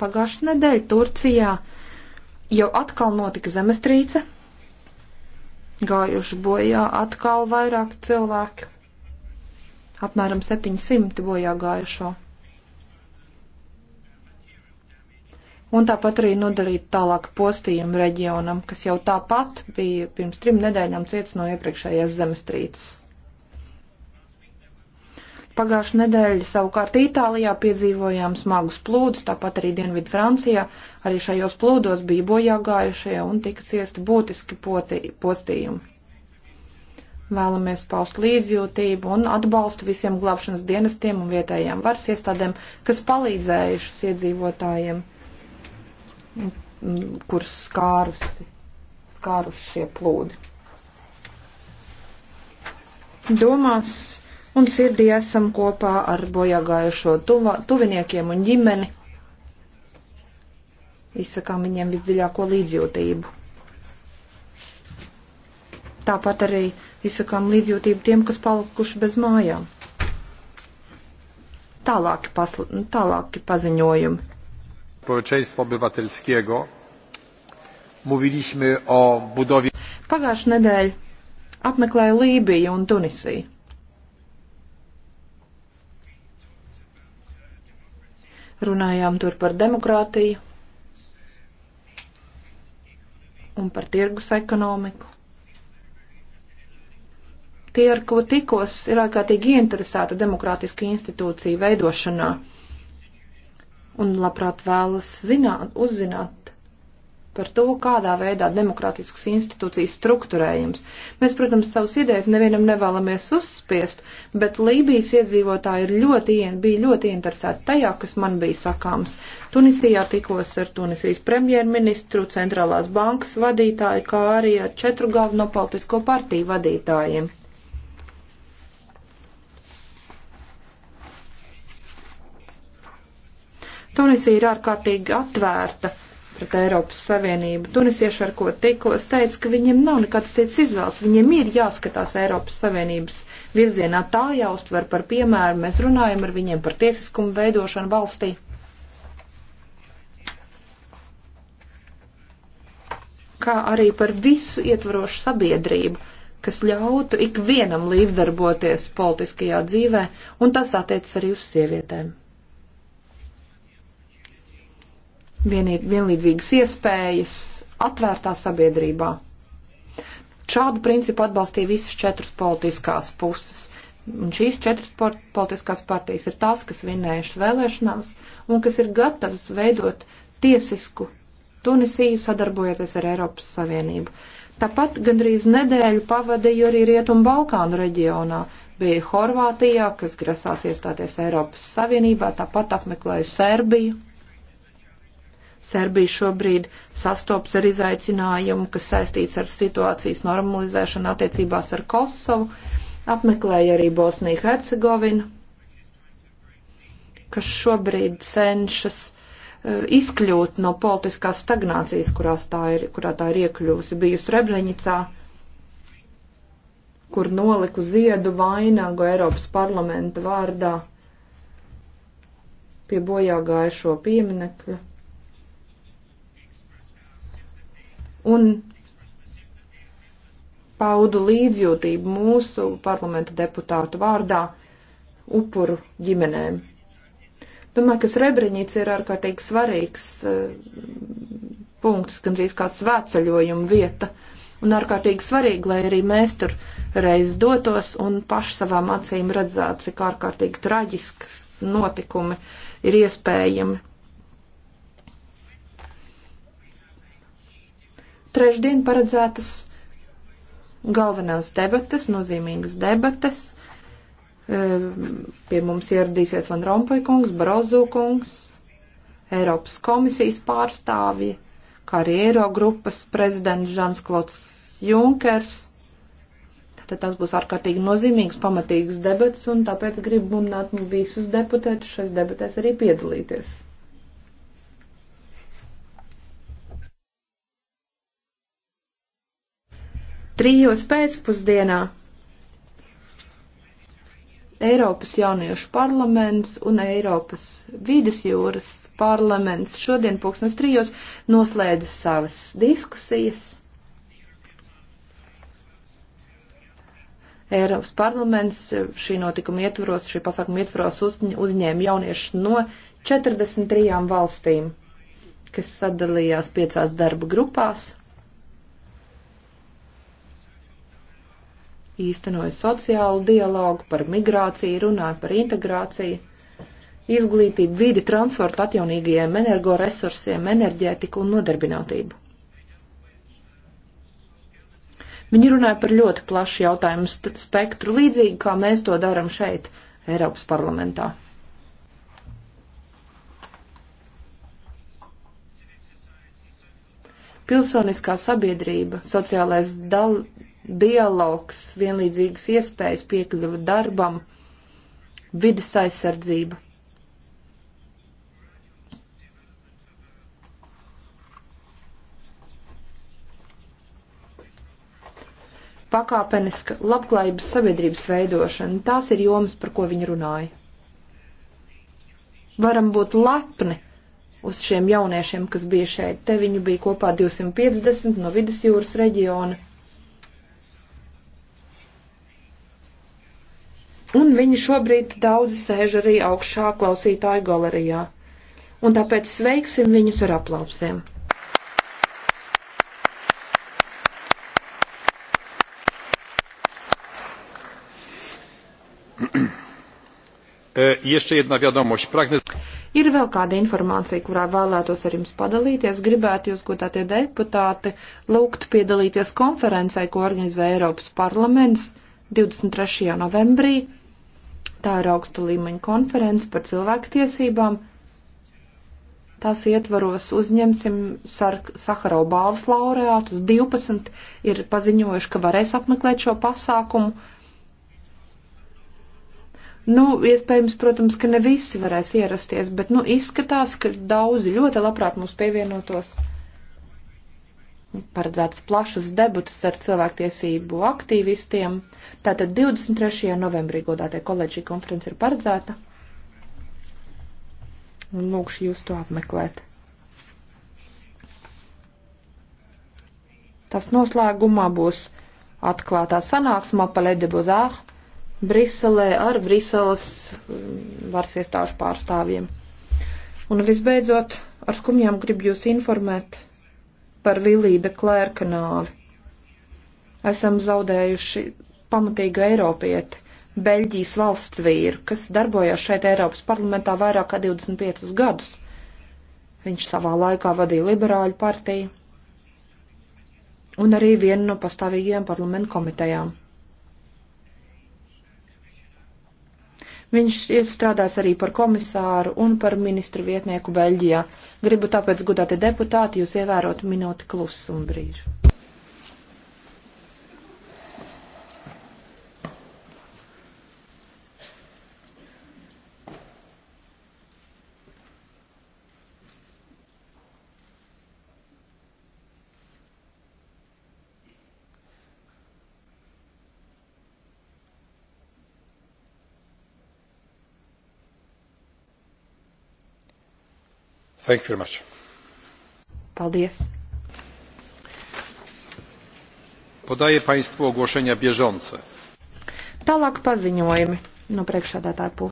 Pagājušā nedēļa Turcijā jau atkal notika zemestrīce. Gājuši bojā atkal vairāk cilvēki. Apmēram 700 bojā gājušo. Un tāpat arī nodarīt tālāk postījumu reģionam, kas jau tāpat bija pirms trim nedēļām cietis no iepriekšējās zemestrīces. Pagājušā nedēļa savukārt Itālijā piedzīvojām smagus plūdus, tāpat arī Dienvidu Francijā. Arī šajos plūdos bija bojā gājušie un tika ciesti būtiski poti, postījumi. Vēlamies paust līdzjūtību un atbalstu visiem glābšanas dienestiem un vietējām varas iestādēm, kas palīdzējušas iedzīvotājiem, kurus skārusi, skāruši šie plūdi. Domās un sirdī esam kopā ar bojāgājušo tuva, tuviniekiem un ģimeni. Izsakām viņiem visdziļāko līdzjūtību. Tāpat arī izsakām līdzjūtību tiem, kas palikuši bez mājām. Tālāki, pasla, tālāki paziņojumi. Społeczeństwa obywatelskiego. Mówiliśmy o budowie. Pagājušajā nedēļā apmeklēju Lībiju un Tunisiju. runājām tur par demokrātiju un par tirgus ekonomiku. Tie, ar ko tikos, ir ārkārtīgi interesēta demokrātiska institūcija veidošanā un labprāt vēlas zināt, uzzināt par to, kādā veidā demokrātiskas institūcijas struktūrējums. Mēs, protams, savus idejas nevienam nevēlamies uzspiest, bet Lībijas iedzīvotāji ir ļoti, bija ļoti interesēti tajā, kas man bija sakāms. Tunisijā tikos ar Tunisijas premjerministru, centrālās bankas vadītāju, kā arī ar četru galveno politisko partiju vadītājiem. Tunisija ir ārkārtīgi atvērta pret Eiropas Savienību. Tunisieši, ar ko tikos, teica, ka viņiem nav nekādas cits izvēles. Viņiem ir jāskatās Eiropas Savienības virzienā. Tā jāuztver par piemēru. Mēs runājam ar viņiem par tiesiskumu veidošanu valstī. Kā arī par visu ietvarošu sabiedrību, kas ļautu ikvienam līdzdarboties politiskajā dzīvē, un tas attiecas arī uz sievietēm. vienība, vienlīdzīgas iespējas atvērtā sabiedrībā. Šādu principu atbalstīja visas četras politiskās puses. Un šīs četras politiskās partijas ir tās, kas vinējušas vēlēšanās un kas ir gatavas veidot tiesisku Tunisiju sadarbojoties ar Eiropas Savienību. Tāpat gandrīz nedēļu pavadīju arī Rietumu Balkānu reģionā, bija Horvātijā, kas grasās iestāties Eiropas Savienībā, tāpat apmeklēju Serbiju. Serbija šobrīd sastops ar izaicinājumu, kas saistīts ar situācijas normalizēšanu attiecībās ar Kosovu, apmeklēja arī Bosniju Hercegovinu, kas šobrīd cenšas e, izkļūt no politiskās stagnācijas, tā ir, kurā tā ir iekļuvusi, bijusi Rebreņicā, kur noliku ziedu vainagu Eiropas parlamenta vārdā pie bojā gājušo pieminekļa. un paudu līdzjūtību mūsu parlamenta deputātu vārdā upuru ģimenēm. Domāju, ka Srebrenica ir ārkārtīgi svarīgs uh, punkts, gandrīz kā svētceļojuma vieta, un ārkārtīgi svarīgi, lai arī mēs tur reiz dotos un paši savām acīm redzētu, cik ārkārtīgi traģisks notikumi ir iespējami trešdien paredzētas galvenās debates, nozīmīgas debates. Ehm, pie mums ieradīsies Van Rompuy kungs, Barozu kungs, Eiropas komisijas pārstāvji, kā arī Eiro grupas prezidents Žans Klots Junkers. Tad tas būs ārkārtīgi nozīmīgs, pamatīgs debats, un tāpēc gribu mudināt visus deputētus šais debatēs arī piedalīties. trijos pēcpusdienā Eiropas jauniešu parlaments un Eiropas vides jūras parlaments šodien pūkstens trijos noslēdz savas diskusijas. Eiropas parlaments šī notikuma ietvaros, šī pasākuma ietvaros uzņēma jauniešus no 43 valstīm, kas sadalījās piecās darba grupās. īstenoja sociālu dialogu, par migrāciju, runāja par integrāciju, izglītību, vidi, transportu, atjaunīgajiem energoresursiem, enerģētiku un nodarbinātību. Viņi runāja par ļoti plašu jautājumu spektru, līdzīgi kā mēs to darām šeit, Eiropas parlamentā. Pilsoniskā sabiedrība, sociālais dal dialogs, vienlīdzīgas iespējas piekļuva darbam, vidas aizsardzība. Pakāpeniska labklājības sabiedrības veidošana, tās ir jomas, par ko viņi runāja. Varam būt lepni uz šiem jauniešiem, kas bija šeit. Te viņu bija kopā 250 no vidusjūras reģiona un viņi šobrīd daudzi sēž arī augšā klausītāju galerijā. Un tāpēc sveiksim viņus ar aplausiem. E, jeszcze jedna wiadomość. Pragnę... Ir vēl kāda informācija, kurā vēlētos ar jums padalīties. Gribētu jūs, godātie deputāti, lūgt piedalīties konferencē, ko organizē Eiropas parlaments 23. novembrī Tā ir augsta līmeņa konference par cilvēktiesībām. Tās ietvaros uzņemsim Saharau balvas laureātus. 12 ir paziņojuši, ka varēs apmeklēt šo pasākumu. Nu, iespējams, protams, ka ne visi varēs ierasties, bet, nu, izskatās, ka daudzi ļoti labprāt mums pievienotos. Paredzētas plašas debatas ar cilvēktiesību aktīvistiem. Uh, Tātad 23. novembrī godātie kolēģi šī konference ir paredzēta. Lūkšu jūs to apmeklēt. Tas noslēgumā būs atklātā sanāksmā Palēde Bozāh Briselē ar Briseles mm, varas iestāžu pārstāvjiem. Un visbeidzot, ar skumjām gribu jūs informēt par Vilīda Klērka nāvi. Esam zaudējuši pamatīgu Eiropieti, Beļģijas valsts vīru, kas darbojās šeit Eiropas parlamentā vairāk kā 25 gadus. Viņš savā laikā vadīja liberāļu partiju un arī vienu no pastāvīgajām parlamentu komitejām. Viņš strādās arī par komisāru un par ministru vietnieku Beļģijā. Gribu tāpēc, gudāti deputāti, jūs ievērot minūti klusumu brīžu. Thank you very much. Paldies. Podaję Państwu ogłoszenia bieżące. Tālāk paziņojumi no priekšādātāja puses.